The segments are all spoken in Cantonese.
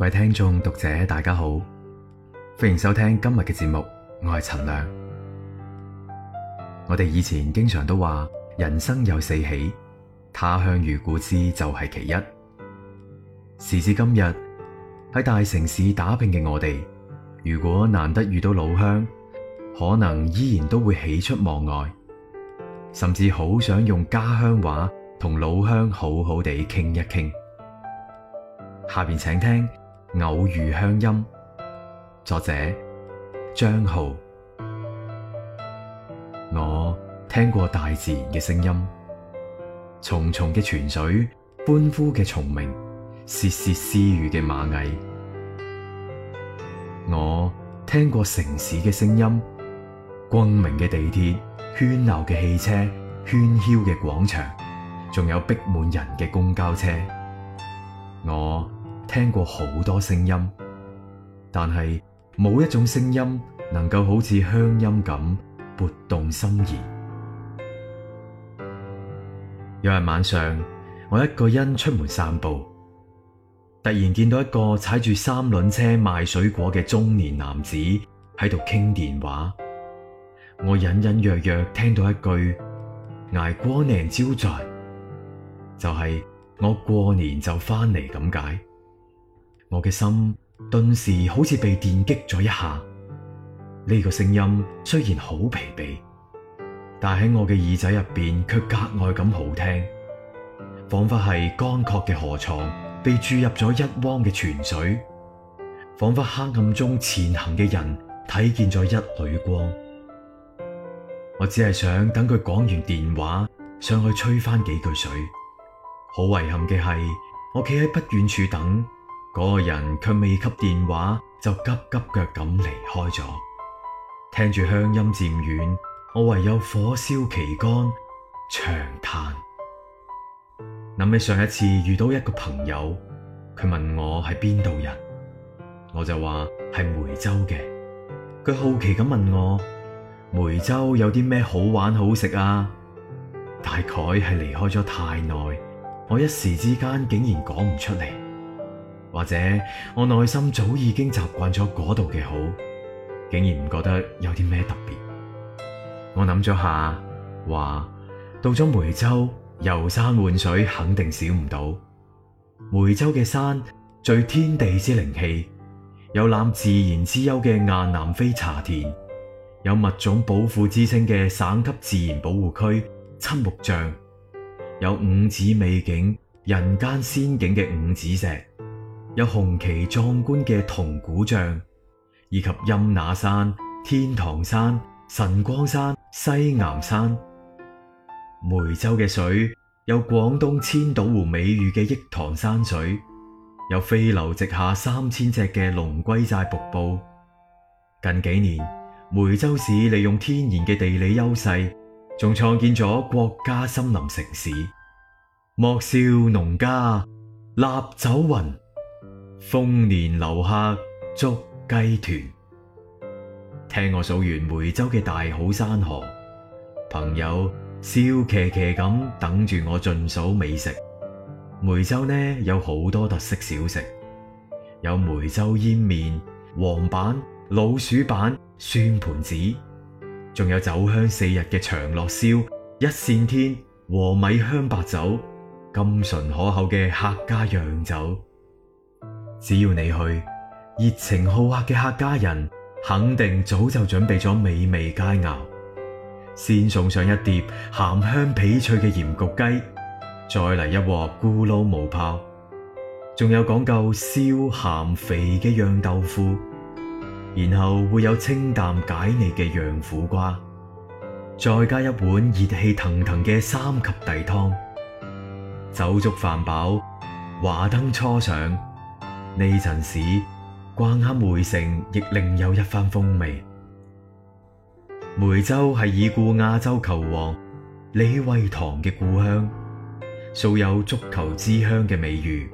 各位聽眾讀者大家好，歡迎收聽今日嘅節目，我係陳亮。我哋以前經常都話人生有四喜，他鄉遇故知就係其一。時至今日喺大城市打拼嘅我哋，如果難得遇到老鄉，可能依然都會喜出望外，甚至好想用家鄉話同老鄉好好地傾一傾。下邊請聽。偶遇鄉音，作者張浩。我聽過大自然嘅聲音，淙淙嘅泉水，歡呼嘅蟲鳴，竊竊私語嘅螞蟻。我聽過城市嘅聲音，轟鳴嘅地鐵，喧鬧嘅汽車，喧囂嘅廣場，仲有逼滿人嘅公交車。我聽過好多聲音，但係冇一種聲音能夠好似鄉音咁撥動心弦。 有日晚上，我一個人出門散步，突然見到一個踩住三輪車賣水果嘅中年男子喺度傾電話，我隱隱約約，約聽到一句：挨過年招在，就係、是、我過年就翻嚟咁解。我嘅心頓時好似被電擊咗一下。呢個聲音雖然好疲憊，但喺我嘅耳仔入邊卻格外咁好聽，仿佛係乾涸嘅河床被注入咗一汪嘅泉水，仿佛黑暗中前行嘅人睇見咗一縷光。我只係想等佢講完電話，上去吹翻幾句水。好遺憾嘅係，我企喺不遠處等。嗰個人卻未給電話，就急急腳咁離開咗。聽住鄉音漸遠，我唯有火燒旗杆，長嘆。諗起上一次遇到一個朋友，佢問我係邊度人，我就話係梅州嘅。佢好奇咁問我：梅州有啲咩好玩好食啊？大概係離開咗太耐，我一時之間竟然講唔出嚟。或者我內心早已經習慣咗嗰度嘅好，竟然唔覺得有啲咩特別。我諗咗下，話到咗梅州遊山玩水，肯定少唔到。梅州嘅山聚天地之靈氣，有攬自然之優嘅雁南飛茶田，有物種保護之稱嘅省級自然保護區，七目嶂、有五指美景、人間仙境嘅五指石。有雄奇壯觀嘅銅鼓嶂，以及陰那山、天堂山、神光山、西岩山。梅州嘅水有廣東千島湖美譽嘅益塘山水，有飛流直下三千尺嘅龍歸寨瀑布。近幾年，梅州市利用天然嘅地理優勢，仲創建咗國家森林城市。莫笑農家臘酒渾，豐年留客足雞豚。聽我數完梅州嘅大好山河，朋友笑騎騎咁等住我盡數美食。梅州呢有好多特色小食，有梅州醃麵、黃粄、老鼠粄、算盤子，仲有酒香四日嘅長樂燒、一線天和米香白酒，甘醇可口嘅客家洋酒。只要你去，熱情好客嘅客家人肯定早就準備咗美味佳肴，先送上一碟鹹香皮脆嘅鹽焗雞，再嚟一鍋咕嚕毛泡，仲有講究燒鹹肥嘅釀豆腐，然後會有清淡解膩嘅釀苦瓜，再加一碗熱氣騰騰嘅三及第湯，酒足飯飽，華燈初上。呢陣時，逛下梅城，亦另有一番風味。梅州係已故亞洲球王李惠堂嘅故鄉，素有足球之鄉嘅美譽。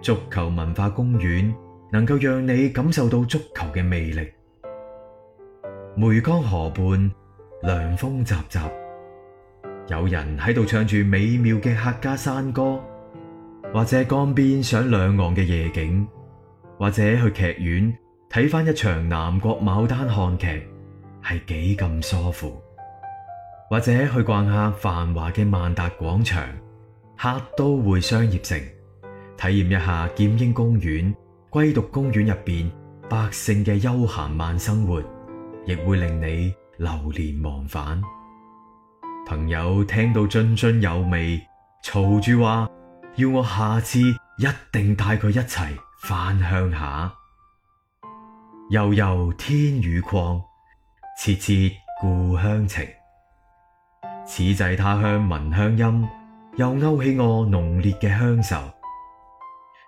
足球文化公園能夠讓你感受到足球嘅魅力。梅江河畔，涼風習習，有人喺度唱住美妙嘅客家山歌。或者江邊賞兩岸嘅夜景，或者去劇院睇翻一場南國牡丹漢劇，係幾咁舒服；或者去逛下繁華嘅萬達廣場、客都匯商業城，體驗一下劍英公園、歸讀公園入邊百姓嘅悠閒慢生活，亦會令你流連忘返。朋友聽到津津有味，嘈住話。要我下次一定帶佢一齊返鄉下。悠悠天宇曠，切切故鄉情。此際他鄉聞鄉音，又勾起我濃烈嘅鄉愁。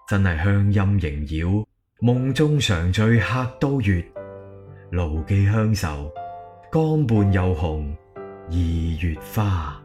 真係鄉音縈繞，夢中常醉客都月。牢記鄉愁，江畔又紅二月花。